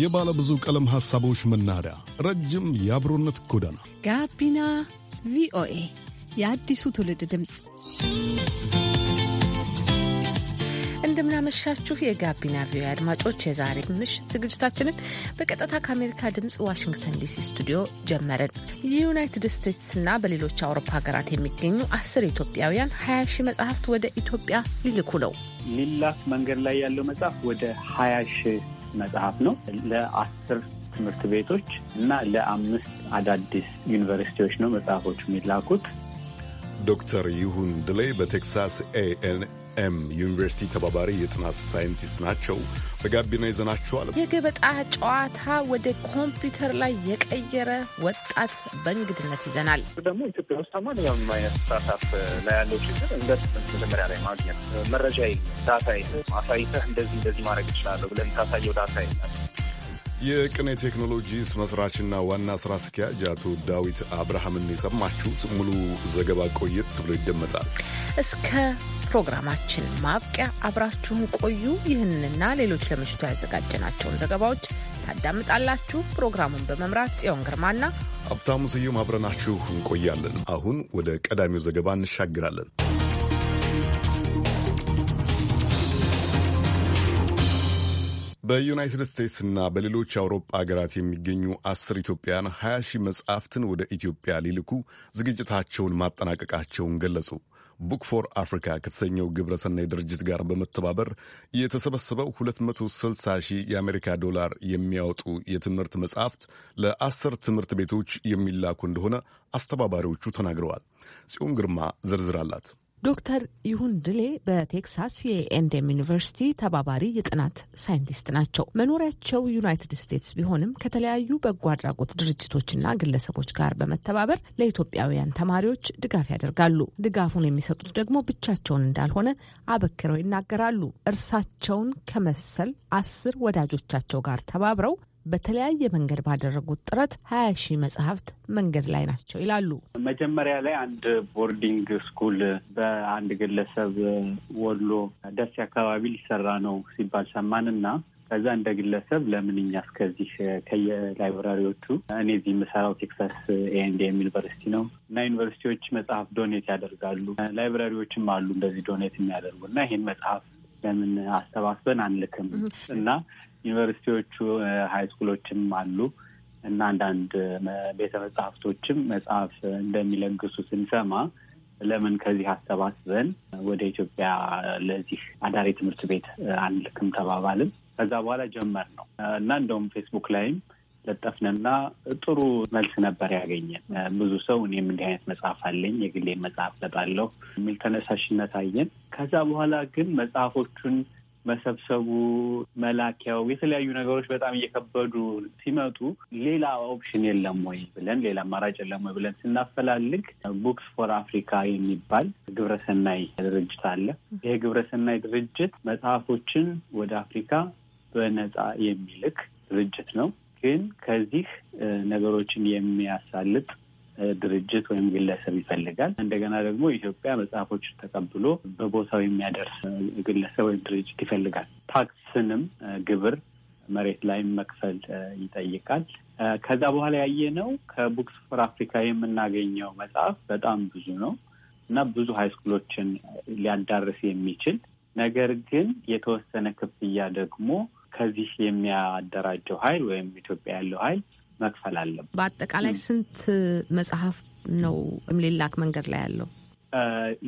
የባለ ብዙ ቀለም ሐሳቦች መናኸሪያ፣ ረጅም የአብሮነት ጎዳና ጋቢና ቪኦኤ የአዲሱ ትውልድ ድምፅ። እንደምናመሻችሁ የጋቢና ቪኦኤ አድማጮች፣ የዛሬ ምሽት ዝግጅታችንን በቀጥታ ከአሜሪካ ድምፅ ዋሽንግተን ዲሲ ስቱዲዮ ጀመረን። የዩናይትድ ስቴትስና በሌሎች አውሮፓ ሀገራት የሚገኙ አስር ኢትዮጵያውያን ሀያ ሺህ መጽሐፍት ወደ ኢትዮጵያ ሊልኩ ነው። ሊላክ መንገድ ላይ ያለው መጽሐፍ ወደ ሀያ ሺህ መጽሐፍ ነው ለአስር ትምህርት ቤቶች እና ለአምስት አዳዲስ ዩኒቨርሲቲዎች ነው መጽሐፎቹ የሚላኩት። ዶክተር ይሁን ድሌ በቴክሳስ ኤ ኤን ኤም ዩኒቨርሲቲ ተባባሪ የጥናት ሳይንቲስት ናቸው። በጋቢና ይዘናችኋል። የገበጣ ጨዋታ ወደ ኮምፒውተር ላይ የቀየረ ወጣት በእንግድነት ይዘናል። ደግሞ ኢትዮጵያ ውስጥ ማንኛውም አይነት ስታርታፕ ላይ ያለው ችግር እንደ መጀመሪያ ላይ ማግኘት መረጃ ዳታ አሳይተህ እንደዚህ እንደዚህ ማድረግ ይችላለሁ ብለን ካሳየው ዳታ ይላል። የቅኔ ቴክኖሎጂስ መስራችና ዋና ስራ አስኪያጅ አቶ ዳዊት አብርሃምን የሰማችሁት ሙሉ ዘገባ ቆየት ብሎ ይደመጣል እስከ ፕሮግራማችን ማብቂያ አብራችሁን ቆዩ። ይህንና ሌሎች ለምሽቱ ያዘጋጀናቸውን ዘገባዎች ታዳምጣላችሁ። ፕሮግራሙን በመምራት ጽዮን ግርማና ሀብታሙ ስዩም አብረናችሁ እንቆያለን። አሁን ወደ ቀዳሚው ዘገባ እንሻግራለን። በዩናይትድ እና በሌሎች አውሮፓ ሀገራት የሚገኙ አስር ኢትዮጵያውያን 20 ሺህ መጽሐፍትን ወደ ኢትዮጵያ ሊልኩ ዝግጅታቸውን ማጠናቀቃቸውን ገለጹ። ቡክ ፎር አፍሪካ ከተሰኘው ግብረ ሰናይ ድርጅት ጋር በመተባበር የተሰበሰበው 260 ሺህ የአሜሪካ ዶላር የሚያወጡ የትምህርት መጽሐፍት ለአስር ትምህርት ቤቶች የሚላኩ እንደሆነ አስተባባሪዎቹ ተናግረዋል። ጽዮን ግርማ ዝርዝር አላት። ዶክተር ይሁን ድሌ በቴክሳስ የኤንደም ዩኒቨርሲቲ ተባባሪ የጥናት ሳይንቲስት ናቸው። መኖሪያቸው ዩናይትድ ስቴትስ ቢሆንም ከተለያዩ በጎ አድራጎት ድርጅቶችና ግለሰቦች ጋር በመተባበር ለኢትዮጵያውያን ተማሪዎች ድጋፍ ያደርጋሉ። ድጋፉን የሚሰጡት ደግሞ ብቻቸውን እንዳልሆነ አበክረው ይናገራሉ። እርሳቸውን ከመሰል አስር ወዳጆቻቸው ጋር ተባብረው በተለያየ መንገድ ባደረጉት ጥረት ሀያ ሺህ መጽሐፍት መንገድ ላይ ናቸው ይላሉ። መጀመሪያ ላይ አንድ ቦርዲንግ ስኩል በአንድ ግለሰብ ወሎ ደሴ አካባቢ ሊሰራ ነው ሲባል ሰማንና ከዛ እንደ ግለሰብ ለምን እኛ እስከዚህ ከየላይብራሪዎቹ እኔ እዚህ የምሰራው ቴክሳስ ኤንዲኤም ዩኒቨርሲቲ ነው እና ዩኒቨርሲቲዎች መጽሐፍ ዶኔት ያደርጋሉ። ላይብራሪዎችም አሉ እንደዚህ ዶኔት የሚያደርጉ እና ይሄን መጽሐፍ ለምን አሰባስበን አንልክም እና ዩኒቨርሲቲዎቹ ሀይስኩሎችም አሉ እና አንዳንድ ቤተ መጽሐፍቶችም መጽሐፍ እንደሚለግሱ ስንሰማ ለምን ከዚህ አሰባስበን ወደ ኢትዮጵያ ለዚህ አዳሪ ትምህርት ቤት አንልክም ተባባልም። ከዛ በኋላ ጀመር ነው እና እንደውም ፌስቡክ ላይም ለጠፍንና ጥሩ መልስ ነበር ያገኘን። ብዙ ሰው እኔም እንዲህ አይነት መጽሐፍ አለኝ የግሌ መጽሐፍ ለጣለሁ የሚል ተነሳሽነት አየን። ከዛ በኋላ ግን መጽሐፎቹን መሰብሰቡ፣ መላኪያው፣ የተለያዩ ነገሮች በጣም እየከበዱ ሲመጡ ሌላ ኦፕሽን የለም ወይ ብለን ሌላ አማራጭ የለም ወይ ብለን ስናፈላልግ ቡክስ ፎር አፍሪካ የሚባል ግብረሰናይ ድርጅት አለ። ይሄ ግብረሰናይ ድርጅት መጽሐፎችን ወደ አፍሪካ በነጻ የሚልክ ድርጅት ነው። ግን ከዚህ ነገሮችን የሚያሳልጥ ድርጅት ወይም ግለሰብ ይፈልጋል። እንደገና ደግሞ ኢትዮጵያ መጽሐፎችን ተቀብሎ በቦታው የሚያደርስ ግለሰብ ወይም ድርጅት ይፈልጋል። ታክስንም ግብር መሬት ላይ መክፈል ይጠይቃል። ከዛ በኋላ ያየ ነው ከቡክስ ፎር አፍሪካ የምናገኘው መጽሐፍ በጣም ብዙ ነው እና ብዙ ሃይስኩሎችን ሊያዳርስ የሚችል ነገር ግን የተወሰነ ክፍያ ደግሞ ከዚህ የሚያደራጀው ኃይል ወይም ኢትዮጵያ ያለው ኃይል መክፈል አለብን። በአጠቃላይ ስንት መጽሐፍ ነው ሊላክ መንገድ ላይ ያለው?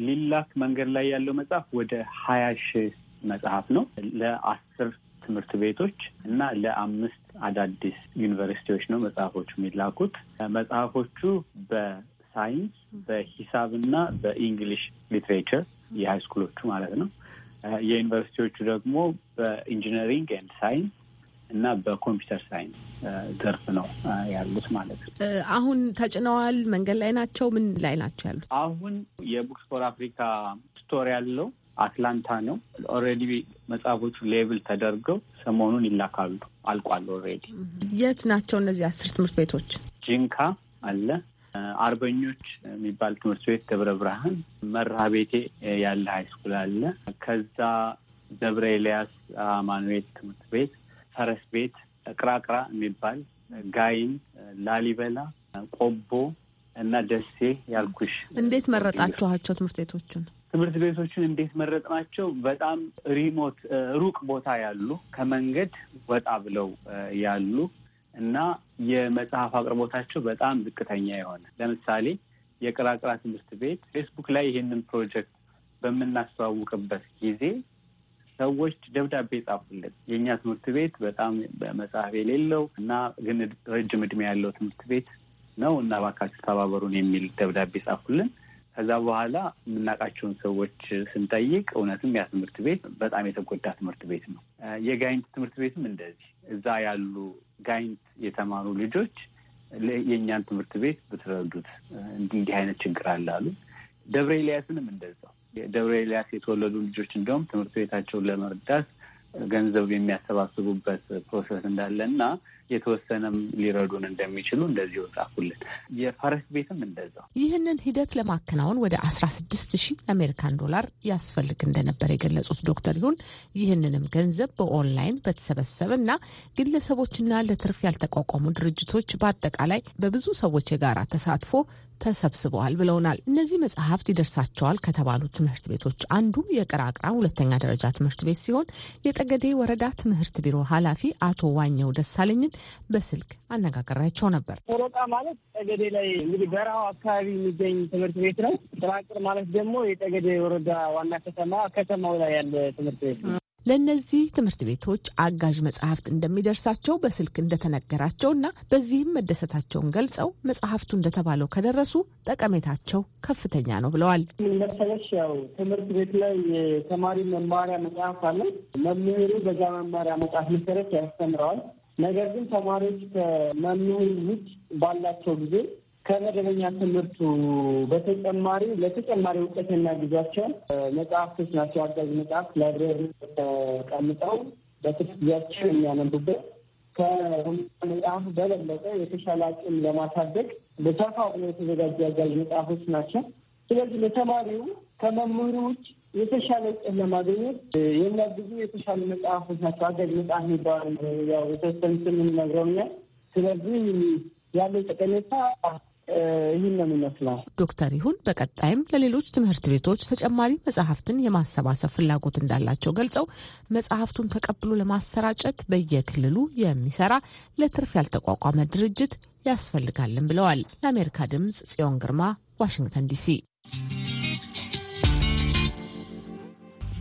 ሊላክ መንገድ ላይ ያለው መጽሐፍ ወደ ሀያ ሺህ መጽሐፍ ነው ለአስር ትምህርት ቤቶች እና ለአምስት አዳዲስ ዩኒቨርሲቲዎች ነው መጽሐፎቹ የሚላኩት። መጽሐፎቹ በሳይንስ በሂሳብና በኢንግሊሽ ሊትሬቸር የሃይስኩሎቹ ማለት ነው። የዩኒቨርሲቲዎቹ ደግሞ በኢንጂነሪንግ ኤንድ ሳይንስ እና በኮምፒውተር ሳይንስ ዘርፍ ነው ያሉት ማለት ነው። አሁን ተጭነዋል፣ መንገድ ላይ ናቸው። ምን ላይ ናቸው ያሉት? አሁን የቡክስ ፎር አፍሪካ ስቶር ያለው አትላንታ ነው። ኦልሬዲ መጽሐፎቹ ሌብል ተደርገው ሰሞኑን ይላካሉ። አልቋል ኦልሬዲ። የት ናቸው እነዚህ አስር ትምህርት ቤቶች? ጂንካ አለ አርበኞች የሚባል ትምህርት ቤት ደብረ ብርሃን፣ መርሃ ቤቴ ያለ ሀይስኩል አለ። ከዛ ደብረ ኤልያስ አማኑኤል ትምህርት ቤት ፈረስ ቤት፣ ቅራቅራ የሚባል ጋይን፣ ላሊበላ፣ ቆቦ እና ደሴ ያልኩሽ። እንዴት መረጣችኋቸው ትምህርት ቤቶቹን? ትምህርት ቤቶቹን እንዴት መረጥናቸው? በጣም ሪሞት ሩቅ ቦታ ያሉ ከመንገድ ወጣ ብለው ያሉ እና የመጽሐፍ አቅርቦታቸው በጣም ዝቅተኛ የሆነ ለምሳሌ የቅራቅራ ትምህርት ቤት ፌስቡክ ላይ ይህንን ፕሮጀክት በምናስተዋውቅበት ጊዜ ሰዎች ደብዳቤ ጻፉልን የእኛ ትምህርት ቤት በጣም መጽሐፍ የሌለው እና ግን ረጅም እድሜ ያለው ትምህርት ቤት ነው እና እባካችሁ ተባበሩን የሚል ደብዳቤ ጻፉልን። ከዛ በኋላ የምናውቃቸውን ሰዎች ስንጠይቅ እውነትም ያ ትምህርት ቤት በጣም የተጎዳ ትምህርት ቤት ነው። የጋይንት ትምህርት ቤትም እንደዚህ እዛ ያሉ ጋይንት የተማሩ ልጆች የእኛን ትምህርት ቤት ብትረዱት እንዲህ አይነት ችግር አለ አሉ። ደብረ ኤልያስንም እንደዛው ደብረ ኤልያስ የተወለዱ ልጆች እንዲሁም ትምህርት ቤታቸውን ለመርዳት ገንዘብ የሚያሰባስቡበት ፕሮሰስ እንዳለ እና የተወሰነም ሊረዱን እንደሚችሉ እንደዚህ ጻፉልን። የፈረስ ቤትም እንደዛው። ይህንን ሂደት ለማከናወን ወደ አስራ ስድስት ሺህ አሜሪካን ዶላር ያስፈልግ እንደነበር የገለጹት ዶክተር ይሁን ይህንንም ገንዘብ በኦንላይን በተሰበሰበ እና ግለሰቦችና ለትርፍ ያልተቋቋሙ ድርጅቶች በአጠቃላይ በብዙ ሰዎች የጋራ ተሳትፎ ተሰብስበዋል ብለውናል። እነዚህ መጽሐፍት ይደርሳቸዋል ከተባሉ ትምህርት ቤቶች አንዱ የቅራቅራ ሁለተኛ ደረጃ ትምህርት ቤት ሲሆን የጠገዴ ወረዳ ትምህርት ቢሮ ኃላፊ አቶ ዋኘው ደሳለኝን በስልክ አነጋገራቸው ነበር። ሮቃ ማለት ጠገዴ ላይ እንግዲህ በረሃው አካባቢ የሚገኝ ትምህርት ቤት ነው። ጥራቅር ማለት ደግሞ የጠገዴ ወረዳ ዋና ከተማ ከተማው ላይ ያለ ትምህርት ቤት ነው። ለእነዚህ ትምህርት ቤቶች አጋዥ መጽሐፍት እንደሚደርሳቸው በስልክ እንደተነገራቸውና በዚህም መደሰታቸውን ገልጸው መጽሐፍቱ እንደተባለው ከደረሱ ጠቀሜታቸው ከፍተኛ ነው ብለዋል። መሰለሽ ያው ትምህርት ቤት ላይ የተማሪ መማሪያ መጽሐፍ አለ። መምህሩ በዛ መማሪያ መጽሐፍ መሰረት ያስተምረዋል። ነገር ግን ተማሪዎች ከመምህር ውጭ ባላቸው ጊዜ ከመደበኛ ትምህርቱ በተጨማሪ ለተጨማሪ እውቀት የሚያግዟቸው መጽሐፍቶች ናቸው አጋዥ መጽሐፍት ላይብሬሪ ተቀምጠው በትርፍ ጊዜያቸው የሚያነቡበት ከመጽሐፍ በበለጠ የተሻለ አቅም ለማሳደግ በሰፋ ብሎ የተዘጋጁ አጋዥ መጽሐፎች ናቸው። ስለዚህ ለተማሪው ከመምህሩ ውጭ የተሻለ ውጤት ለማግኘት የሚያግዙ የተሻለ መጽሐፎች ናቸው። አገር መጽሐፍ የሚባሉ ያው የተወሰኑትን የምንነግረውና ስለዚህ ያለው ጠቀሜታ ይህን ነው የሚመስለው። ዶክተር ይሁን በቀጣይም ለሌሎች ትምህርት ቤቶች ተጨማሪ መጽሐፍትን የማሰባሰብ ፍላጎት እንዳላቸው ገልጸው መጽሐፍቱን ተቀብሎ ለማሰራጨት በየክልሉ የሚሰራ ለትርፍ ያልተቋቋመ ድርጅት ያስፈልጋልን ብለዋል። ለአሜሪካ ድምጽ ጽዮን ግርማ ዋሽንግተን ዲሲ። Thank you.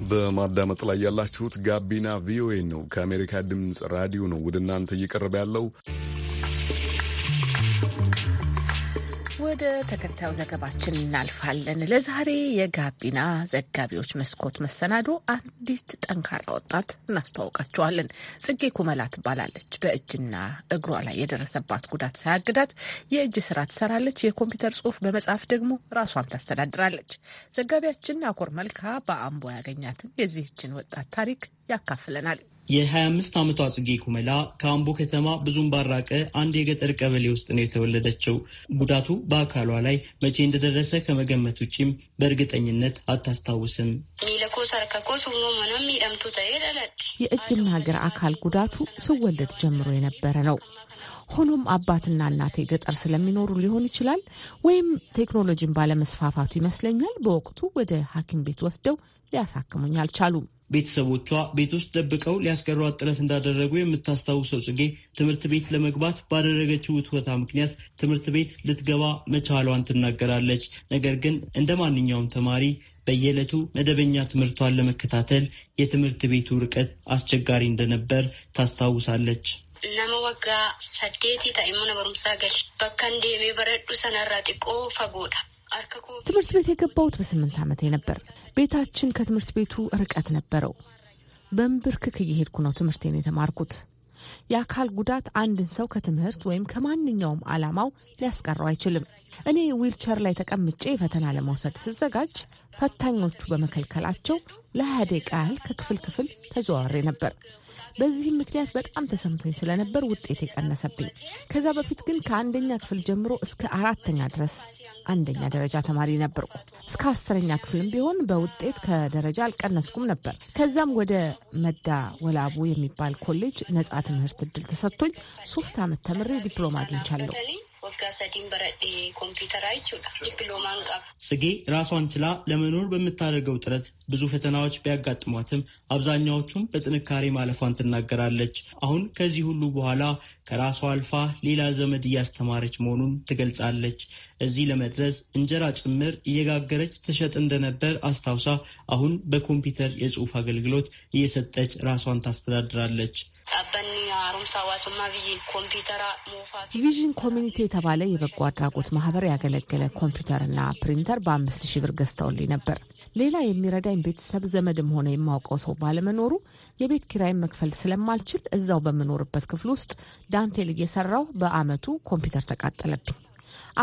በማዳመጥ ላይ ያላችሁት ጋቢና ቪኦኤ ነው። ከአሜሪካ ድምፅ ራዲዮ ነው ወደ እናንተ እየቀረበ ያለው። ወደ ተከታዩ ዘገባችን እናልፋለን። ለዛሬ የጋቢና ዘጋቢዎች መስኮት መሰናዶ አንዲት ጠንካራ ወጣት እናስተዋውቃቸዋለን። ጽጌ ኩመላ ትባላለች። በእጅና እግሯ ላይ የደረሰባት ጉዳት ሳያግዳት የእጅ ስራ ትሰራለች። የኮምፒውተር ጽሑፍ በመጻፍ ደግሞ ራሷን ታስተዳድራለች። ዘጋቢያችን አኮር መልካ በአምቦ ያገኛትን የዚህችን ወጣት ታሪክ ያካፍለናል። የ25 ዓመቷ ጽጌ ኩመላ ከአምቦ ከተማ ብዙም ባራቀ አንድ የገጠር ቀበሌ ውስጥ ነው የተወለደችው። ጉዳቱ በአካሏ ላይ መቼ እንደደረሰ ከመገመት ውጭም በእርግጠኝነት አታስታውስም። የእጅና እግር አካል ጉዳቱ ስወለድ ጀምሮ የነበረ ነው። ሆኖም አባትና እናቴ ገጠር ስለሚኖሩ ሊሆን ይችላል፣ ወይም ቴክኖሎጂን ባለመስፋፋቱ ይመስለኛል። በወቅቱ ወደ ሐኪም ቤት ወስደው ሊያሳክሙኝ አልቻሉም። ቤተሰቦቿ ቤት ውስጥ ደብቀው ሊያስቀሯት ጥረት እንዳደረጉ የምታስታውሰው ጽጌ ትምህርት ቤት ለመግባት ባደረገችው ውትወታ ምክንያት ትምህርት ቤት ልትገባ መቻሏን ትናገራለች። ነገር ግን እንደ ማንኛውም ተማሪ በየዕለቱ መደበኛ ትምህርቷን ለመከታተል የትምህርት ቤቱ ርቀት አስቸጋሪ እንደነበር ታስታውሳለች። nama waggaa saddeetii ta'e mana barumsaa gale bakka hin deemee baradhu sanarraa xiqqoo fagoodha ትምህርት ቤት የገባሁት በስምንት ዓመቴ ነበር። ቤታችን ከትምህርት ቤቱ ርቀት ነበረው። በንብርክክ እየሄድኩ ነው ትምህርቴን የተማርኩት። የአካል ጉዳት አንድን ሰው ከትምህርት ወይም ከማንኛውም ዓላማው ሊያስቀረው አይችልም። እኔ ዊልቸር ላይ ተቀምጬ ፈተና ለመውሰድ ስዘጋጅ ፈታኞቹ በመከልከላቸው ለኢህአዴ ቃል ከክፍል ክፍል ተዘዋሬ ነበር። በዚህም ምክንያት በጣም ተሰምቶኝ ስለነበር ውጤት የቀነሰብኝ። ከዛ በፊት ግን ከአንደኛ ክፍል ጀምሮ እስከ አራተኛ ድረስ አንደኛ ደረጃ ተማሪ ነበርኩ። እስከ አስረኛ ክፍልም ቢሆን በውጤት ከደረጃ አልቀነስኩም ነበር። ከዛም ወደ መዳ ወላቡ የሚባል ኮሌጅ ነጻ ትምህርት እድል ተሰጥቶኝ ሶስት ዓመት ተምሬ ዲፕሎማ አግኝቻለሁ። ሰዲን በረዴ ኮምፒውተር አይችላ ዲፕሎማ ቀባ ጽጌ ራሷን ችላ ለመኖር በምታደርገው ጥረት ብዙ ፈተናዎች ቢያጋጥሟትም አብዛኛዎቹም በጥንካሬ ማለፏን ትናገራለች። አሁን ከዚህ ሁሉ በኋላ ከራሷ አልፋ ሌላ ዘመድ እያስተማረች መሆኑን ትገልጻለች። እዚህ ለመድረስ እንጀራ ጭምር እየጋገረች ትሸጥ እንደነበር አስታውሳ አሁን በኮምፒውተር የጽሑፍ አገልግሎት እየሰጠች ራሷን ታስተዳድራለች። ቪዥን ኮሚኒቲ የተባለ የበጎ አድራጎት ማህበር ያገለገለ ኮምፒውተርና ፕሪንተር በአምስት ሺህ ብር ገዝተውልኝ ነበር። ሌላ የሚረዳኝ ቤተሰብ ዘመድም ሆነ የማውቀው ሰው ባለመኖሩ የቤት ኪራይን መክፈል ስለማልችል እዛው በምኖርበት ክፍል ውስጥ ዳንቴል እየሰራው በአመቱ ኮምፒውተር ተቃጠለብኝ።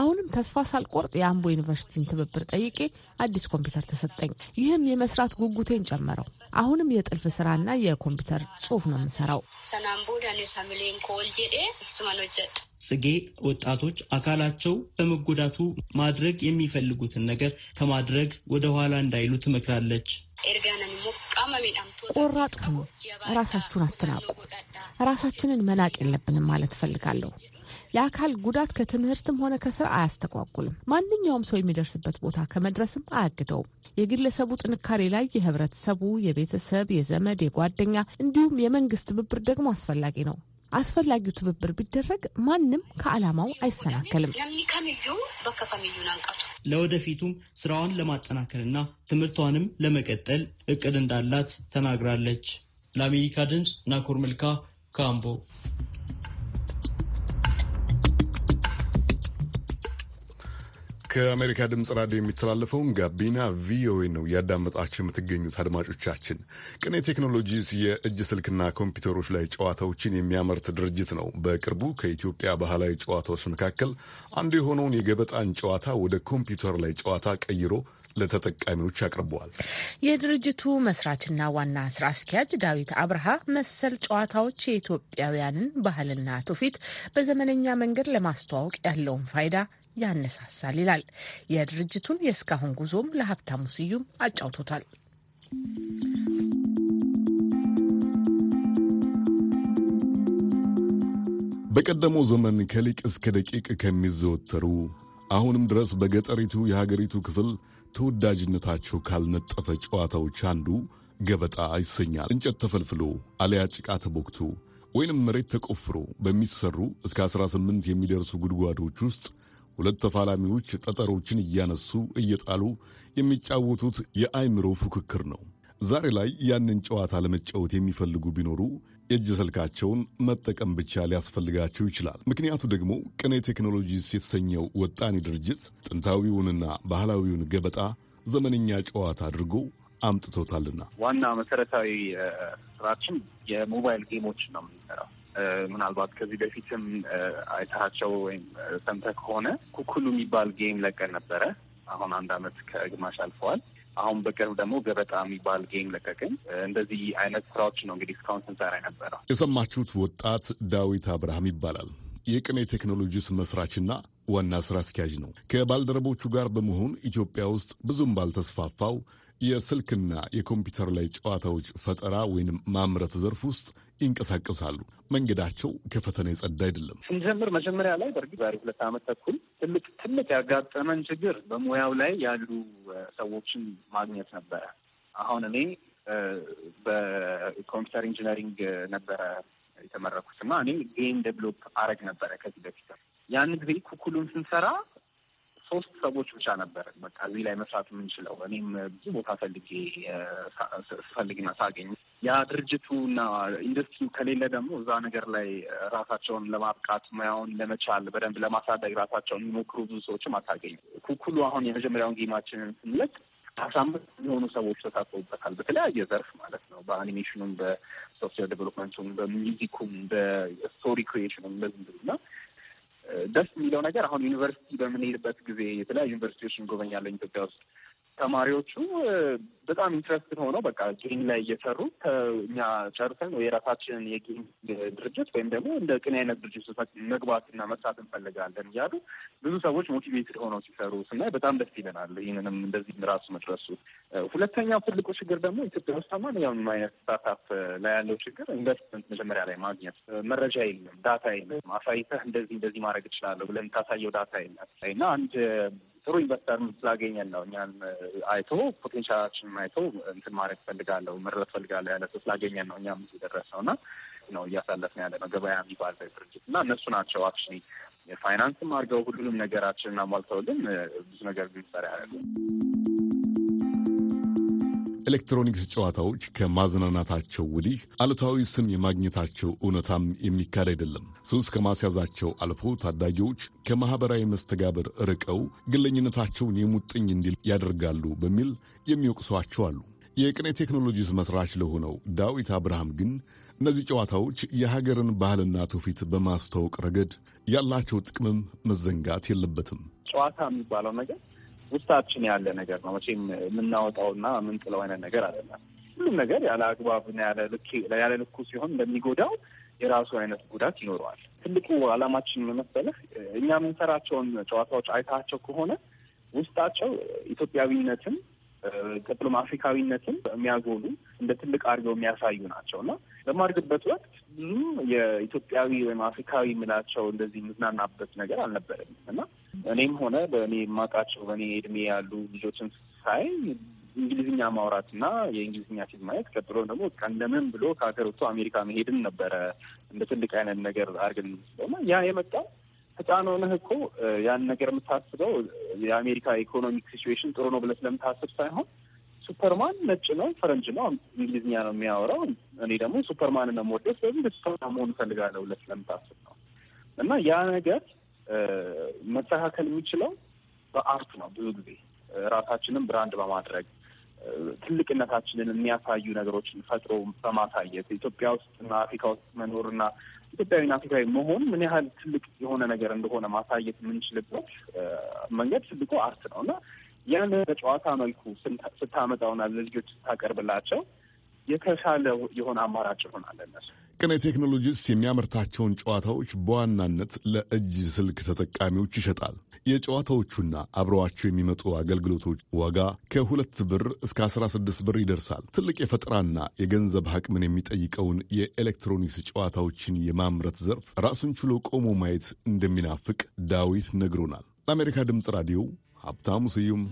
አሁንም ተስፋ ሳልቆርጥ የአምቦ ዩኒቨርሲቲን ትብብር ጠይቄ አዲስ ኮምፒውተር ተሰጠኝ። ይህም የመስራት ጉጉቴን ጨመረው። አሁንም የጥልፍ ስራና የኮምፒውተር ጽሁፍ ነው የምሰራው። ጽጌ ወጣቶች አካላቸው በመጎዳቱ ማድረግ የሚፈልጉትን ነገር ከማድረግ ወደ ኋላ እንዳይሉ ትመክራለች። ቆራጡ ራሳችሁን አትናቁ። ራሳችንን መናቅ የለብንም ማለት እፈልጋለሁ። የአካል ጉዳት ከትምህርትም ሆነ ከስራ አያስተጓጉልም። ማንኛውም ሰው የሚደርስበት ቦታ ከመድረስም አያግደውም። የግለሰቡ ጥንካሬ ላይ የህብረተሰቡ፣ የቤተሰብ፣ የዘመድ፣ የጓደኛ እንዲሁም የመንግስት ትብብር ደግሞ አስፈላጊ ነው። አስፈላጊው ትብብር ቢደረግ ማንም ከዓላማው አይሰናከልም። ለወደፊቱም ስራዋን ለማጠናከርና ትምህርቷንም ለመቀጠል እቅድ እንዳላት ተናግራለች። ለአሜሪካ ድምፅ ናኮር መልካ ካምቦ ከአሜሪካ ድምፅ ራዲዮ የሚተላለፈውን ጋቢና ቪኦኤ ነው እያዳመጣችሁ የምትገኙት አድማጮቻችን። ቅኔ ቴክኖሎጂስ የእጅ ስልክና ኮምፒውተሮች ላይ ጨዋታዎችን የሚያመርት ድርጅት ነው። በቅርቡ ከኢትዮጵያ ባህላዊ ጨዋታዎች መካከል አንዱ የሆነውን የገበጣን ጨዋታ ወደ ኮምፒውተር ላይ ጨዋታ ቀይሮ ለተጠቃሚዎች አቅርበዋል። የድርጅቱ መስራችና ዋና ስራ አስኪያጅ ዳዊት አብርሃ መሰል ጨዋታዎች የኢትዮጵያውያንን ባህልና ትውፊት በዘመነኛ መንገድ ለማስተዋወቅ ያለውን ፋይዳ ያነሳሳል ይላል። የድርጅቱን የእስካሁን ጉዞም ለሀብታሙ ስዩም አጫውቶታል። በቀደመው ዘመን ከሊቅ እስከ ደቂቅ ከሚዘወተሩ አሁንም ድረስ በገጠሪቱ የሀገሪቱ ክፍል ተወዳጅነታቸው ካልነጠፈ ጨዋታዎች አንዱ ገበጣ ይሰኛል። እንጨት ተፈልፍሎ አሊያ ጭቃ ተቦክቶ ወይንም መሬት ተቆፍሮ በሚሰሩ እስከ 18 የሚደርሱ ጉድጓዶች ውስጥ ሁለት ተፋላሚዎች ጠጠሮችን እያነሱ እየጣሉ የሚጫወቱት የአይምሮ ፉክክር ነው። ዛሬ ላይ ያንን ጨዋታ ለመጫወት የሚፈልጉ ቢኖሩ የእጅ ስልካቸውን መጠቀም ብቻ ሊያስፈልጋቸው ይችላል። ምክንያቱ ደግሞ ቅኔ ቴክኖሎጂስ የተሰኘው ወጣኔ ድርጅት ጥንታዊውንና ባህላዊውን ገበጣ ዘመንኛ ጨዋታ አድርጎ አምጥቶታልና ዋና መሰረታዊ ስራችን የሞባይል ጌሞችን ነው የምንሰራው። ምናልባት ከዚህ በፊትም አይታቸው ወይም ሰምተህ ከሆነ ኩኩሉ የሚባል ጌም ለቀን ነበረ። አሁን አንድ አመት ከግማሽ አልፈዋል። አሁን በቅርብ ደግሞ ገበጣ የሚባል ጌም ለቀቅን። እንደዚህ አይነት ስራዎች ነው እንግዲህ እስካሁን ስንሰራ የነበረው። የሰማችሁት ወጣት ዳዊት አብርሃም ይባላል። የቅኔ ቴክኖሎጂስ መስራችና ዋና ስራ አስኪያጅ ነው። ከባልደረቦቹ ጋር በመሆን ኢትዮጵያ ውስጥ ብዙም ባልተስፋፋው የስልክና የኮምፒውተር ላይ ጨዋታዎች ፈጠራ ወይንም ማምረት ዘርፍ ውስጥ ይንቀሳቀሳሉ። መንገዳቸው ከፈተና የጸዳ አይደለም። ስንጀምር መጀመሪያ ላይ በእርግጥ ዛሬ ሁለት ዓመት ተኩል ትልቅ ትልቅ ያጋጠመን ችግር በሙያው ላይ ያሉ ሰዎችን ማግኘት ነበረ። አሁን እኔ በኮምፒውተር ኢንጂነሪንግ ነበረ የተመረኩት እና እኔ ጌም ዴቨሎፕ አረግ ነበረ ከዚህ በፊት ያን ጊዜ ኩኩሉን ስንሰራ ሶስት ሰዎች ብቻ ነበርን። በቃ እዚህ ላይ መስራት የምንችለው እኔም ብዙ ቦታ ፈልጌ ስፈልግና ሳገኝ ያ ድርጅቱና ኢንዱስትሪው ከሌለ ደግሞ እዛ ነገር ላይ ራሳቸውን ለማብቃት ሙያውን ለመቻል በደንብ ለማሳደግ ራሳቸውን የሚሞክሩ ብዙ ሰዎችም አታገኝ። ኩኩሉ አሁን የመጀመሪያውን ጌማችንን ስንለቅ አስራ አምስት የሚሆኑ ሰዎች ተሳትፈውበታል። በተለያየ ዘርፍ ማለት ነው። በአኒሜሽኑም፣ በሶፍትዌር ዴቨሎፕመንቱም፣ በሚዚኩም፣ በስቶሪ ክሪኤሽኑም እንደዚህ እና ደስ የሚለው ነገር አሁን ዩኒቨርሲቲ በምንሄድበት ጊዜ የተለያዩ ዩኒቨርሲቲዎች እንጎበኛለን ኢትዮጵያ ውስጥ ተማሪዎቹ በጣም ኢንትረስትድ ሆነው በቃ ጌም ላይ እየሰሩ እኛ ጨርሰን የራሳችንን የጌም ድርጅት ወይም ደግሞ እንደ ቅኔ አይነት ድርጅት መግባትና መስራት እንፈልጋለን እያሉ ብዙ ሰዎች ሞቲቬትድ ሆነው ሲሰሩ ስናይ በጣም ደስ ይለናል። ይህንንም እንደዚህ ራሱ መድረሱ። ሁለተኛው ትልቁ ችግር ደግሞ ኢትዮጵያ ውስጥ ማንኛውም አይነት ስታርታፕ ላይ ያለው ችግር ኢንቨስትመንት መጀመሪያ ላይ ማግኘት መረጃ የለም፣ ዳታ የለም። አሳይተህ እንደዚህ እንደዚህ ማድረግ እችላለሁ ብለን ታሳየው ዳታ የለም እና አንድ ጥሩ ኢንቨስተር ስላገኘን ነው። እኛን አይቶ ፖቴንሻላችን አይቶ እንትን ማድረግ ፈልጋለሁ መረት ፈልጋለሁ ያለ ሰው ስላገኘን ነው እኛም እዚህ ነው እና ነው እያሳለፍን ያለ ነው ገበያ የሚባል ድርጅት እና እነሱ ናቸው አክሽ ፋይናንስም አድርገው ሁሉንም ነገራችንን አሟልተውልን ብዙ ነገር እንሰራ ያደርጉ ኤሌክትሮኒክስ ጨዋታዎች ከማዝናናታቸው ወዲህ አሉታዊ ስም የማግኘታቸው እውነታም የሚካድ አይደለም። ሱስ ከማስያዛቸው አልፎ ታዳጊዎች ከማኅበራዊ መስተጋብር ርቀው ግለኝነታቸውን የሙጥኝ እንዲል ያደርጋሉ በሚል የሚወቅሷቸው አሉ። የቅኔ ቴክኖሎጂስ መሥራች ለሆነው ዳዊት አብርሃም ግን እነዚህ ጨዋታዎች የሀገርን ባህልና ትውፊት በማስተዋወቅ ረገድ ያላቸው ጥቅምም መዘንጋት የለበትም። ጨዋታ የሚባለው ነገር ውስጣችን ያለ ነገር ነው። መቼም የምናወጣውና የምንጥለው አይነት ነገር አይደለም። ሁሉም ነገር ያለ አግባብና ያለ ልኩ ሲሆን እንደሚጎዳው የራሱ አይነት ጉዳት ይኖረዋል። ትልቁ አላማችን መሰለህ እኛ የምንሰራቸውን ጨዋታዎች አይታቸው ከሆነ ውስጣቸው ኢትዮጵያዊነትን ቀጥሎም አፍሪካዊነትን የሚያጎሉ እንደ ትልቅ አድርገው የሚያሳዩ ናቸው እና በማድርግበት ወቅት ብዙ የኢትዮጵያዊ ወይም አፍሪካዊ የምላቸው እንደዚህ የምዝናናበት ነገር አልነበረም እና እኔም ሆነ በእኔ የማውቃቸው በእኔ እድሜ ያሉ ልጆችን ሳይ እንግሊዝኛ ማውራት እና የእንግሊዝኛ ፊልም ማየት ቀጥሎ ደግሞ ቀንደምን ብሎ ከሀገር ወጥቶ አሜሪካ መሄድን ነበረ እንደ ትልቅ አይነት ነገር አድርገን ስለሆነ ያ የመጣው ህፃን ሆነህ እኮ ያን ነገር የምታስበው የአሜሪካ ኢኮኖሚክ ሲትዌሽን ጥሩ ነው ብለህ ስለምታስብ ሳይሆን ሱፐርማን ነጭ ነው፣ ፈረንጅ ነው፣ እንግሊዝኛ ነው የሚያወራው። እኔ ደግሞ ሱፐርማን ነው የምወደው፣ ስለዚህ ሱፐርማን መሆን እፈልጋለሁ ብለህ ስለምታስብ ነው። እና ያ ነገር መስተካከል የሚችለው በአርት ነው ብዙ ጊዜ ራሳችንም ብራንድ በማድረግ ትልቅነታችንን የሚያሳዩ ነገሮችን ፈጥሮ በማሳየት ኢትዮጵያ ውስጥና አፍሪካ ውስጥ መኖርና ኢትዮጵያዊና አፍሪካዊ መሆን ምን ያህል ትልቅ የሆነ ነገር እንደሆነ ማሳየት የምንችልበት መንገድ ትልቁ አርት ነው እና ያን በጨዋታ መልኩ ስታመጣውና ለልጆች ስታቀርብላቸው የተሻለ የሆነ አማራጭ ይሆናል። እነሱ ቅኔ ቴክኖሎጂስ የሚያመርታቸውን ጨዋታዎች በዋናነት ለእጅ ስልክ ተጠቃሚዎች ይሸጣል። የጨዋታዎቹና አብረዋቸው የሚመጡ አገልግሎቶች ዋጋ ከሁለት ብር እስከ 16 ብር ይደርሳል። ትልቅ የፈጠራና የገንዘብ አቅምን የሚጠይቀውን የኤሌክትሮኒክስ ጨዋታዎችን የማምረት ዘርፍ ራሱን ችሎ ቆሞ ማየት እንደሚናፍቅ ዳዊት ነግሮናል። ለአሜሪካ ድምፅ ራዲዮ ሀብታሙ ስዩም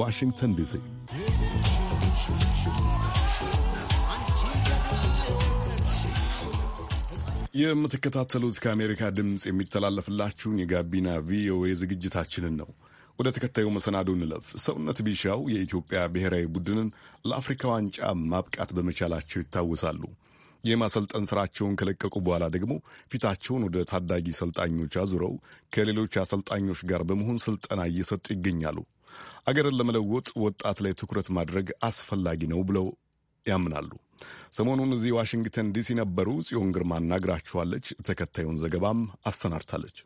ዋሽንግተን ዲሲ የምትከታተሉት ከአሜሪካ ድምፅ የሚተላለፍላችሁን የጋቢና ቪኦኤ ዝግጅታችንን ነው። ወደ ተከታዩ መሰናዶ እንለፍ። ሰውነት ቢሻው የኢትዮጵያ ብሔራዊ ቡድንን ለአፍሪካ ዋንጫ ማብቃት በመቻላቸው ይታወሳሉ። የማሰልጠን ስራቸውን ከለቀቁ በኋላ ደግሞ ፊታቸውን ወደ ታዳጊ ሰልጣኞች አዙረው ከሌሎች አሰልጣኞች ጋር በመሆን ስልጠና እየሰጡ ይገኛሉ። አገርን ለመለወጥ ወጣት ላይ ትኩረት ማድረግ አስፈላጊ ነው ብለው ያምናሉ። ሰሞኑን እዚህ ዋሽንግተን ዲሲ ነበሩ። ጽዮን ግርማ አናግራችኋለች። ተከታዩን ዘገባም አሰናድታለች።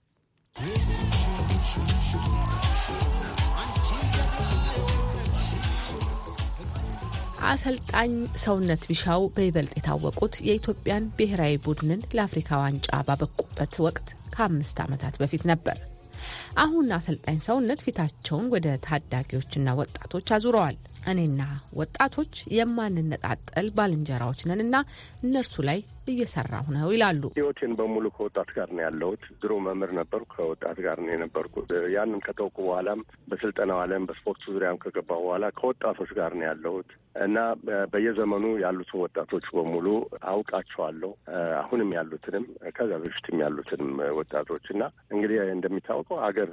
አሰልጣኝ ሰውነት ቢሻው በይበልጥ የታወቁት የኢትዮጵያን ብሔራዊ ቡድንን ለአፍሪካ ዋንጫ ባበቁበት ወቅት ከአምስት ዓመታት በፊት ነበር። አሁን አሰልጣኝ ሰውነት ፊታቸውን ወደ ታዳጊዎችና ወጣቶች አዙረዋል። እኔና ወጣቶች የማንነጣጠል ባልንጀራዎች ነንና እነርሱ ላይ እየሰራሁ ነው ይላሉ። ህይወቴን በሙሉ ከወጣት ጋር ነው ያለሁት። ድሮ መምህር ነበሩ፣ ከወጣት ጋር ነው የነበርኩት። ያንን ከተውኩ በኋላም በስልጠናው ዓለም በስፖርቱ ዙሪያም ከገባ በኋላ ከወጣቶች ጋር ነው ያለሁት እና በየዘመኑ ያሉትን ወጣቶች በሙሉ አውቃቸዋለሁ። አሁንም ያሉትንም ከዛ በፊትም ያሉትንም ወጣቶች እና እንግዲህ እንደሚታወቀው አገር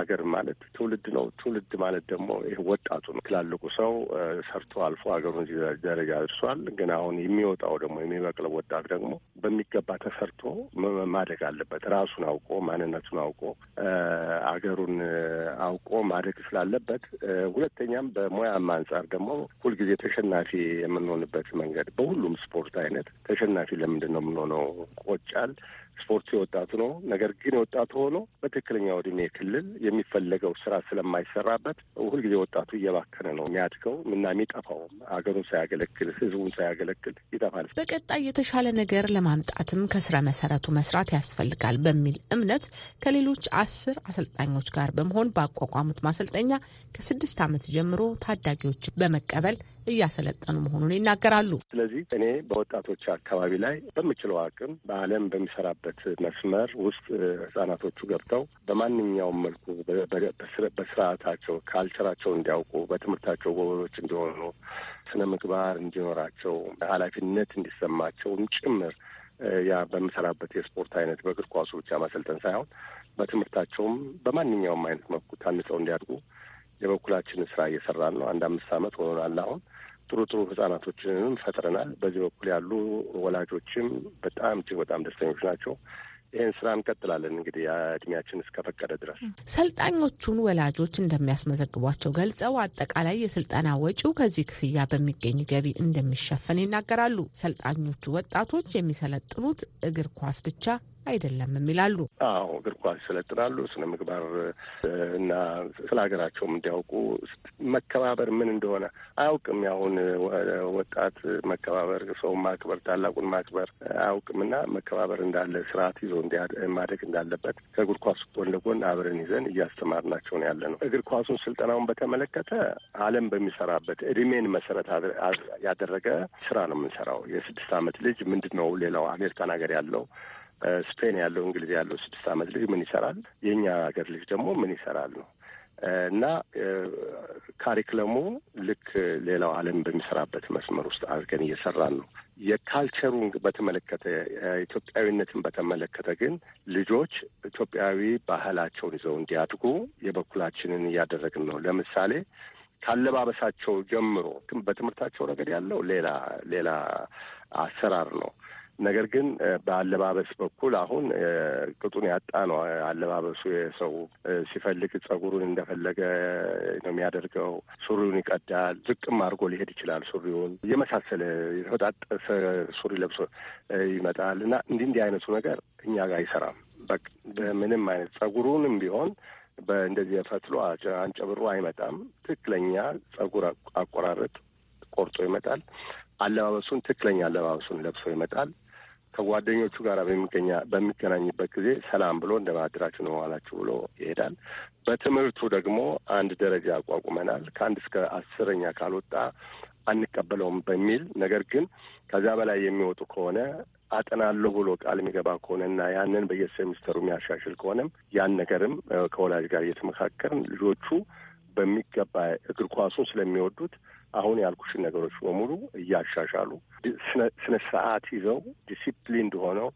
አገር ማለት ትውልድ ነው። ትውልድ ማለት ደግሞ ይህ ወጣቱ ነው። ትላልቁ ሰው ሰርቶ አልፎ አገሩን ደረጃ ደርሷል። ግን አሁን የሚወጣው ደግሞ የሚበቅለው ወጣት ደግሞ በሚገባ ተሰርቶ ማደግ አለበት። ራሱን አውቆ ማንነቱን አውቆ አገሩን አውቆ ማደግ ስላለበት፣ ሁለተኛም በሙያም አንጻር ደግሞ ሁልጊዜ ተሸናፊ የምንሆንበት መንገድ በሁሉም ስፖርት አይነት ተሸናፊ ለምንድን ነው የምንሆነው? ቆጫል ስፖርቱ የወጣቱ ነው። ነገር ግን የወጣቱ ሆኖ በትክክለኛ እድሜ ክልል የሚፈለገው ስራ ስለማይሰራበት ሁልጊዜ ወጣቱ እየባከነ ነው የሚያድገው እና የሚጠፋውም አገሩን ሳያገለግል ህዝቡን ሳያገለግል ይጠፋል። በቀጣይ የተሻለ ነገር ለማምጣትም ከስረ መሰረቱ መስራት ያስፈልጋል በሚል እምነት ከሌሎች አስር አሰልጣኞች ጋር በመሆን ባቋቋሙት ማሰልጠኛ ከስድስት ዓመት ጀምሮ ታዳጊዎች በመቀበል እያሰለጠኑ መሆኑን ይናገራሉ። ስለዚህ እኔ በወጣቶች አካባቢ ላይ በምችለው አቅም በዓለም በሚሰራ ባለበት መስመር ውስጥ ህጻናቶቹ ገብተው በማንኛውም መልኩ በስርዓታቸው ካልቸራቸው እንዲያውቁ፣ በትምህርታቸው ጎበዞች እንዲሆኑ፣ ስነ ምግባር እንዲኖራቸው፣ ኃላፊነት እንዲሰማቸውም ጭምር ያ በምሰራበት የስፖርት አይነት በእግር ኳሱ ብቻ ማሰልጠን ሳይሆን በትምህርታቸውም በማንኛውም አይነት መልኩ ታንጸው እንዲያድጉ የበኩላችንን ስራ እየሰራን ነው። አንድ አምስት ዓመት ሆኖናል አሁን ጥሩ ጥሩ ህጻናቶችንም ፈጥረናል። በዚህ በኩል ያሉ ወላጆችም በጣም እጅግ በጣም ደስተኞች ናቸው። ይህን ስራ እንቀጥላለን እንግዲህ እድሜያችን እስከፈቀደ ድረስ። ሰልጣኞቹን ወላጆች እንደሚያስመዘግቧቸው ገልጸው አጠቃላይ የስልጠና ወጪው ከዚህ ክፍያ በሚገኝ ገቢ እንደሚሸፈን ይናገራሉ። ሰልጣኞቹ ወጣቶች የሚሰለጥኑት እግር ኳስ ብቻ አይደለም ይላሉ። አዎ እግር ኳስ ይሰለጥናሉ ስነ ምግባር እና ስለ ሀገራቸውም እንዲያውቁ መከባበር ምን እንደሆነ አያውቅም። ያሁን ወጣት መከባበር፣ ሰው ማክበር፣ ታላቁን ማክበር አያውቅም እና መከባበር እንዳለ ስርዓት ይዞ ማደግ እንዳለበት ከእግር ኳሱ ጎን ለጎን አብረን ይዘን እያስተማርናቸው ነው ያለ ነው። እግር ኳሱን ስልጠናውን በተመለከተ ዓለም በሚሰራበት እድሜን መሰረት ያደረገ ስራ ነው የምንሰራው። የስድስት ዓመት ልጅ ምንድን ነው ሌላው አሜሪካን ሀገር ያለው ስፔን ያለው እንግሊዝ ያለው ስድስት ዓመት ልጅ ምን ይሰራል፣ የእኛ ሀገር ልጅ ደግሞ ምን ይሰራል ነው እና ካሪክለሙ ልክ ሌላው ዓለም በሚሰራበት መስመር ውስጥ አድርገን እየሰራን ነው። የካልቸሩን በተመለከተ ኢትዮጵያዊነትን በተመለከተ ግን ልጆች ኢትዮጵያዊ ባህላቸውን ይዘው እንዲያድጉ የበኩላችንን እያደረግን ነው። ለምሳሌ ካለባበሳቸው ጀምሮ በትምህርታቸው ረገድ ያለው ሌላ ሌላ አሰራር ነው። ነገር ግን በአለባበስ በኩል አሁን ቅጡን ያጣ ነው አለባበሱ። የሰው ሲፈልግ ጸጉሩን እንደፈለገ ነው የሚያደርገው። ሱሪውን ይቀዳል፣ ዝቅም አድርጎ ሊሄድ ይችላል። ሱሪውን የመሳሰለ የተወጣጠሰ ሱሪ ለብሶ ይመጣል እና እንዲህ እንዲህ አይነቱ ነገር እኛ ጋር አይሰራም። በቃ በምንም አይነት ጸጉሩንም ቢሆን በእንደዚህ የፈትሎ አንጨብሮ አይመጣም። ትክክለኛ ጸጉር አቆራረጥ ቆርጦ ይመጣል። አለባበሱን ትክክለኛ አለባበሱን ለብሶ ይመጣል። ከጓደኞቹ ጋር በሚገናኝበት ጊዜ ሰላም ብሎ እንደማድራችሁ ነው ዋላችሁ ብሎ ይሄዳል። በትምህርቱ ደግሞ አንድ ደረጃ አቋቁመናል። ከአንድ እስከ አስረኛ ካልወጣ አንቀበለውም በሚል ነገር ግን ከዛ በላይ የሚወጡ ከሆነ አጠናለሁ ብሎ ቃል የሚገባ ከሆነና ያንን በየሴሚስተሩ የሚያሻሽል ከሆነም ያን ነገርም ከወላጅ ጋር እየተመካከርን ልጆቹ በሚገባ እግር ኳሱን ስለሚወዱት አሁን ያልኩሽን ነገሮች በሙሉ እያሻሻሉ ስነ ስርዓት ይዘው ዲሲፕሊን ሆነው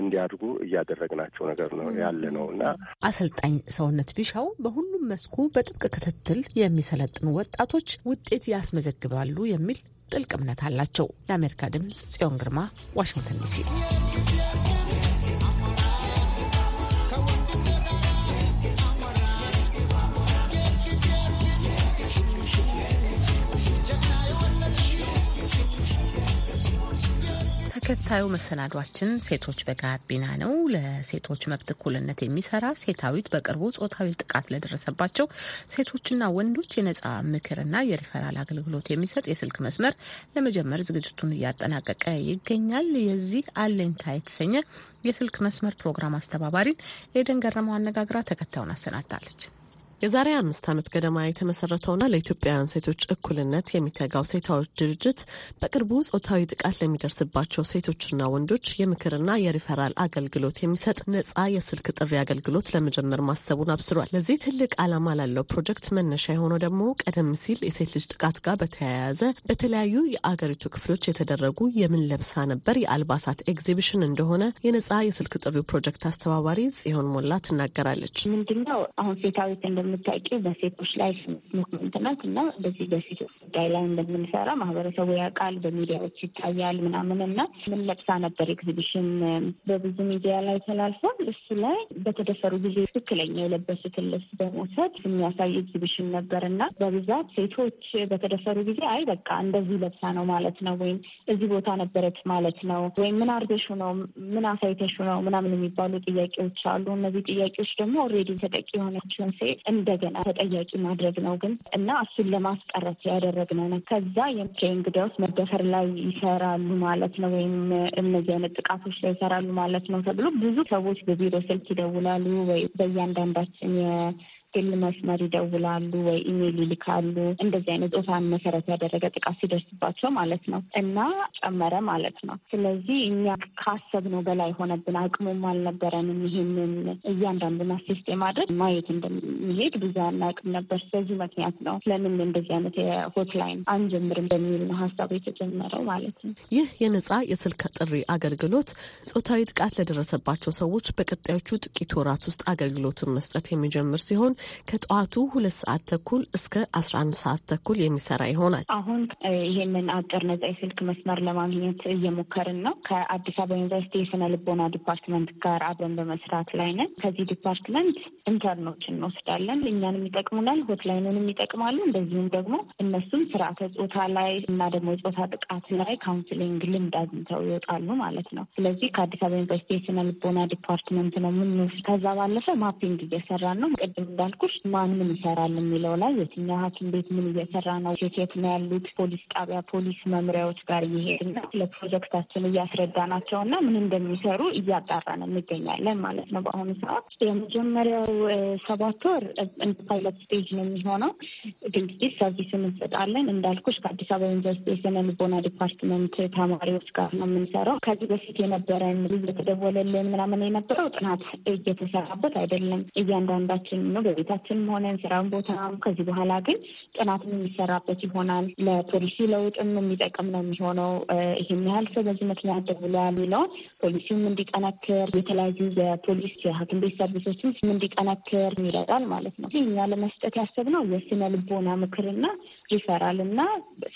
እንዲያድጉ እያደረግናቸው ነገር ነው ያለ ነው እና አሰልጣኝ ሰውነት ቢሻው በሁሉም መስኩ በጥብቅ ክትትል የሚሰለጥኑ ወጣቶች ውጤት ያስመዘግባሉ የሚል ጥልቅ እምነት አላቸው። ለአሜሪካ ድምፅ ጽዮን ግርማ ዋሽንግተን ዲሲ ተከታዩ መሰናዷችን ሴቶች በጋቢና ነው። ለሴቶች መብት እኩልነት የሚሰራ ሴታዊት በቅርቡ ጾታዊ ጥቃት ለደረሰባቸው ሴቶችና ወንዶች የነጻ ምክርና የሪፈራል አገልግሎት የሚሰጥ የስልክ መስመር ለመጀመር ዝግጅቱን እያጠናቀቀ ይገኛል። የዚህ አለኝታ የተሰኘ የስልክ መስመር ፕሮግራም አስተባባሪን ኤደን ገረመው አነጋግራ ተከታዩን አሰናድታለች። የዛሬ አምስት ዓመት ገደማ የተመሰረተውና ለኢትዮጵያውያን ሴቶች እኩልነት የሚተጋው ሴታዎች ድርጅት በቅርቡ ጾታዊ ጥቃት ለሚደርስባቸው ሴቶችና ወንዶች የምክርና የሪፈራል አገልግሎት የሚሰጥ ነጻ የስልክ ጥሪ አገልግሎት ለመጀመር ማሰቡን አብስሯል። ለዚህ ትልቅ ዓላማ ላለው ፕሮጀክት መነሻ የሆነው ደግሞ ቀደም ሲል የሴት ልጅ ጥቃት ጋር በተያያዘ በተለያዩ የአገሪቱ ክፍሎች የተደረጉ የምን ለብሳ ነበር የአልባሳት ኤግዚቢሽን እንደሆነ የነጻ የስልክ ጥሪው ፕሮጀክት አስተባባሪ ጽዮን ሞላ ትናገራለች። ምንድነው አሁን ሴታዊት እንደምታውቂው በሴቶች ላይ ሙቭመንትናት እና በዚህ በሴቶች ጉዳይ ላይ እንደምንሰራ ማህበረሰቡ ያውቃል፣ በሚዲያዎች ይታያል ምናምን እና ምን ለብሳ ነበር ኤግዚቢሽን በብዙ ሚዲያ ላይ ተላልፏል። እሱ ላይ በተደፈሩ ጊዜ ትክክለኛ የለበሱትን ልብስ በመውሰድ የሚያሳይ ኤግዚቢሽን ነበር እና በብዛት ሴቶች በተደፈሩ ጊዜ አይ በቃ እንደዚህ ለብሳ ነው ማለት ነው ወይም እዚህ ቦታ ነበረች ማለት ነው ወይም ምን አርገሹ ነው ምን አሳይተሹ ነው ምናምን የሚባሉ ጥያቄዎች አሉ። እነዚህ ጥያቄዎች ደግሞ ኦልሬዲ ተጠቂ የሆነችውን ሴት እንደገና ተጠያቂ ማድረግ ነው ግን እና እሱን ለማስቀረት ያደረግነው ነው። ከዛ የምቼ እንግዲያውስ መደፈር ላይ ይሰራሉ ማለት ነው ወይም እነዚህ አይነት ጥቃቶች ላይ ይሰራሉ ማለት ነው ተብሎ ብዙ ሰዎች በቢሮ ስልክ ይደውላሉ ወይ በእያንዳንዳችን ስልክ መስመር ይደውላሉ ወይ ኢሜይል ይልካሉ። እንደዚህ አይነት ጾታን መሰረት ያደረገ ጥቃት ሲደርስባቸው ማለት ነው እና ጨመረ ማለት ነው። ስለዚህ እኛ ካሰብነው በላይ ሆነብን፣ አቅሙም አልነበረንም ይህንን እያንዳንዱን አሲስት የማድረግ ማየት እንደሚሄድ ብዙ አናውቅም ነበር። ስለዚህ ምክንያት ነው ለምን እንደዚህ አይነት የሆትላይን አንጀምርም በሚል ነው ሀሳቡ የተጀመረው ማለት ነው። ይህ የነጻ የስልክ ጥሪ አገልግሎት ጾታዊ ጥቃት ለደረሰባቸው ሰዎች በቀጣዮቹ ጥቂት ወራት ውስጥ አገልግሎቱን መስጠት የሚጀምር ሲሆን ከጠዋቱ ሁለት ሰዓት ተኩል እስከ አስራ አንድ ሰዓት ተኩል የሚሰራ ይሆናል። አሁን ይህንን አጭር ነጻ የስልክ መስመር ለማግኘት እየሞከርን ነው። ከአዲስ አበባ ዩኒቨርሲቲ የስነ ልቦና ዲፓርትመንት ጋር አብረን በመስራት ላይ ነን። ከዚህ ዲፓርትመንት ኢንተርኖች እንወስዳለን። እኛንም ይጠቅሙናል፣ ሆትላይኑንም ይጠቅማሉ። እንደዚሁም ደግሞ እነሱም ስርዓተ ጾታ ላይ እና ደግሞ የጾታ ጥቃት ላይ ካውንስሊንግ ልምድ አግኝተው ይወጣሉ ማለት ነው። ስለዚህ ከአዲስ አበባ ዩኒቨርሲቲ የስነ ልቦና ዲፓርትመንት ነው የምንወስድ። ከዛ ባለፈ ማፒንግ እየሰራን ነው። ቅድም እንዳል እንዳልኩሽ ማን ምን ይሰራል የሚለው ላይ የትኛው ሐኪም ቤት ምን እየሰራ ነው፣ የት ነው ያሉት፣ ፖሊስ ጣቢያ፣ ፖሊስ መምሪያዎች ጋር እየሄድና ለፕሮጀክታችን ናቸው እና ምን እንደሚሰሩ እያጣራን እንገኛለን ማለት ነው። በአሁኑ ሰዓት የመጀመሪያው ሰባት ወር እንደ ፓይለት ስቴጅ ነው የሚሆነው። ድንግዲህ ሰርቪስ እንሰጣለን። እንዳልኩሽ ከአዲስ አበባ ዩኒቨርሲቲ የስነ ልቦና ዲፓርትመንት ተማሪዎች ጋር ነው የምንሰራው። ከዚህ በፊት የነበረን እየተደወለልን ምናምን የነበረው ጥናት እየተሰራበት አይደለም። እያንዳንዳችን ነው በቤታችንም ሆነ ስራን ቦታም ከዚህ በኋላ ግን ጥናትም የሚሰራበት ይሆናል። ለፖሊሲ ለውጥም የሚጠቅም ነው የሚሆነው። ይህን ያህል ሰው በዚህ ምክንያት ደውሏል የሚለውን ፖሊሲውም እንዲጠነክር የተለያዩ የፖሊስ የሐኪም ቤት ሰርቪሶችም እንዲጠነክር ይረዳል ማለት ነው። እኛ ለመስጠት ያሰብነው የስነ ልቦና ምክርና ሪፈራል እና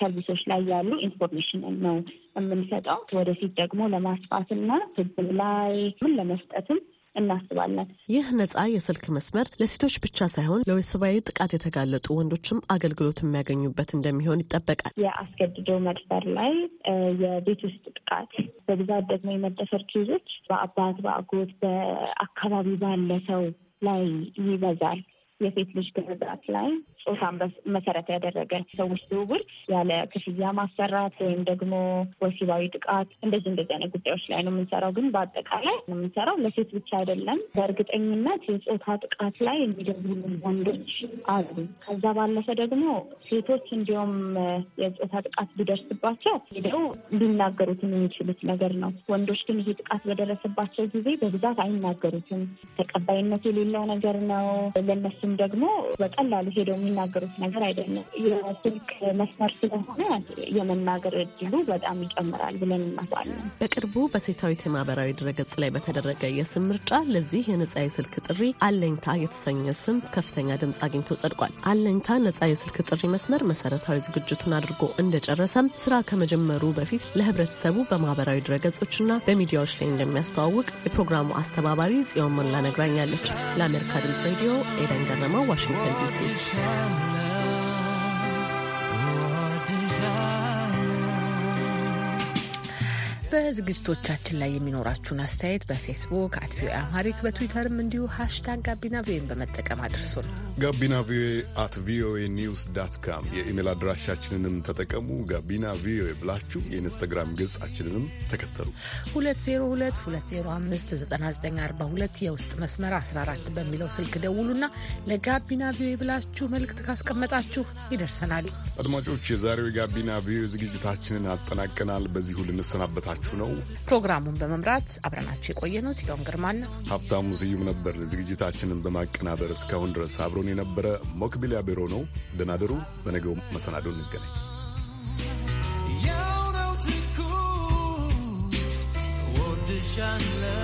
ሰርቪሶች ላይ ያሉ ኢንፎርሜሽን ነው የምንሰጠው። ወደፊት ደግሞ ለማስፋትና ህግም ላይ ምን ለመስጠትም እናስባለን። ይህ ነጻ የስልክ መስመር ለሴቶች ብቻ ሳይሆን ለወሲባዊ ጥቃት የተጋለጡ ወንዶችም አገልግሎት የሚያገኙበት እንደሚሆን ይጠበቃል። የአስገድዶ መድፈር ላይ የቤት ውስጥ ጥቃት በብዛት ደግሞ የመደፈር ኬዞች በአባት፣ በአጎት፣ በአካባቢ ባለ ሰው ላይ ይበዛል። የሴት ልጅ ግርዛት ላይ ጾታን መሰረት ያደረገ ሰዎች ዝውውር ያለ ክፍያ ማሰራት ወይም ደግሞ ወሲባዊ ጥቃት እንደዚህ እንደዚህ አይነት ጉዳዮች ላይ ነው የምንሰራው። ግን በአጠቃላይ የምንሰራው ለሴት ብቻ አይደለም። በእርግጠኝነት የጾታ ጥቃት ላይ የሚደውሉ ወንዶች አሉ። ከዛ ባለፈ ደግሞ ሴቶች እንዲሁም የጾታ ጥቃት ቢደርስባቸው ሄደው ሊናገሩት የሚችሉት ነገር ነው። ወንዶች ግን ይሄ ጥቃት በደረሰባቸው ጊዜ በብዛት አይናገሩትም። ተቀባይነት የሌለው ነገር ነው ለነሱ እነሱም ደግሞ በቀላሉ ሄደው የሚናገሩት ነገር አይደለም። የስልክ መስመር ስለሆነ የመናገር እድሉ በጣም ይጨምራል ብለን እናስባለን። በቅርቡ በሴታዊት የማህበራዊ ድረገጽ ላይ በተደረገ የስም ምርጫ ለዚህ የነጻ የስልክ ጥሪ አለኝታ የተሰኘ ስም ከፍተኛ ድምፅ አግኝቶ ጸድቋል። አለኝታ ነጻ የስልክ ጥሪ መስመር መሰረታዊ ዝግጅቱን አድርጎ እንደጨረሰም ስራ ከመጀመሩ በፊት ለህብረተሰቡ በማህበራዊ ድረገጾችና በሚዲያዎች ላይ እንደሚያስተዋውቅ የፕሮግራሙ አስተባባሪ ጽዮን መላ ነግራኛለች። ለአሜሪካ ድምጽ ሬዲዮ ኤደን ፓርላማ ዋሽንግተን ዲሲ። በዝግጅቶቻችን ላይ የሚኖራችሁን አስተያየት በፌስቡክ አት ቪኦኤ አማሪክ በትዊተርም እንዲሁ ሀሽታግ ጋቢና ቪኦኤን በመጠቀም አድርሱን። ጋቢና ቪኦኤ አት ቪኦኤ ኒውስ ዳት ካም የኢሜል አድራሻችንንም ተጠቀሙ። ጋቢና ቪኦኤ ብላችሁ የኢንስታግራም ገጻችንንም ተከተሉ። 2022059942 የውስጥ መስመር 14 በሚለው ስልክ ደውሉና ለጋቢና ቪኦኤ ብላችሁ መልእክት ካስቀመጣችሁ ይደርሰናል። አድማጮች፣ የዛሬው የጋቢና ቪኦኤ ዝግጅታችንን አጠናቀናል። በዚሁ ልንሰናበታችሁ ነው። ፕሮግራሙን በመምራት አብረናችሁ የቆየ ነው ሲሆን ግርማና ሀብታሙ ስዩም ነበር። ዝግጅታችንን በማቀናበር እስካሁን ድረስ አብሮን ሲያቀርብልን የነበረ ሞክቢሊያ ቢሮ ነው። ደናደሩ። በነገው መሰናዶ እንገናኝ። Just love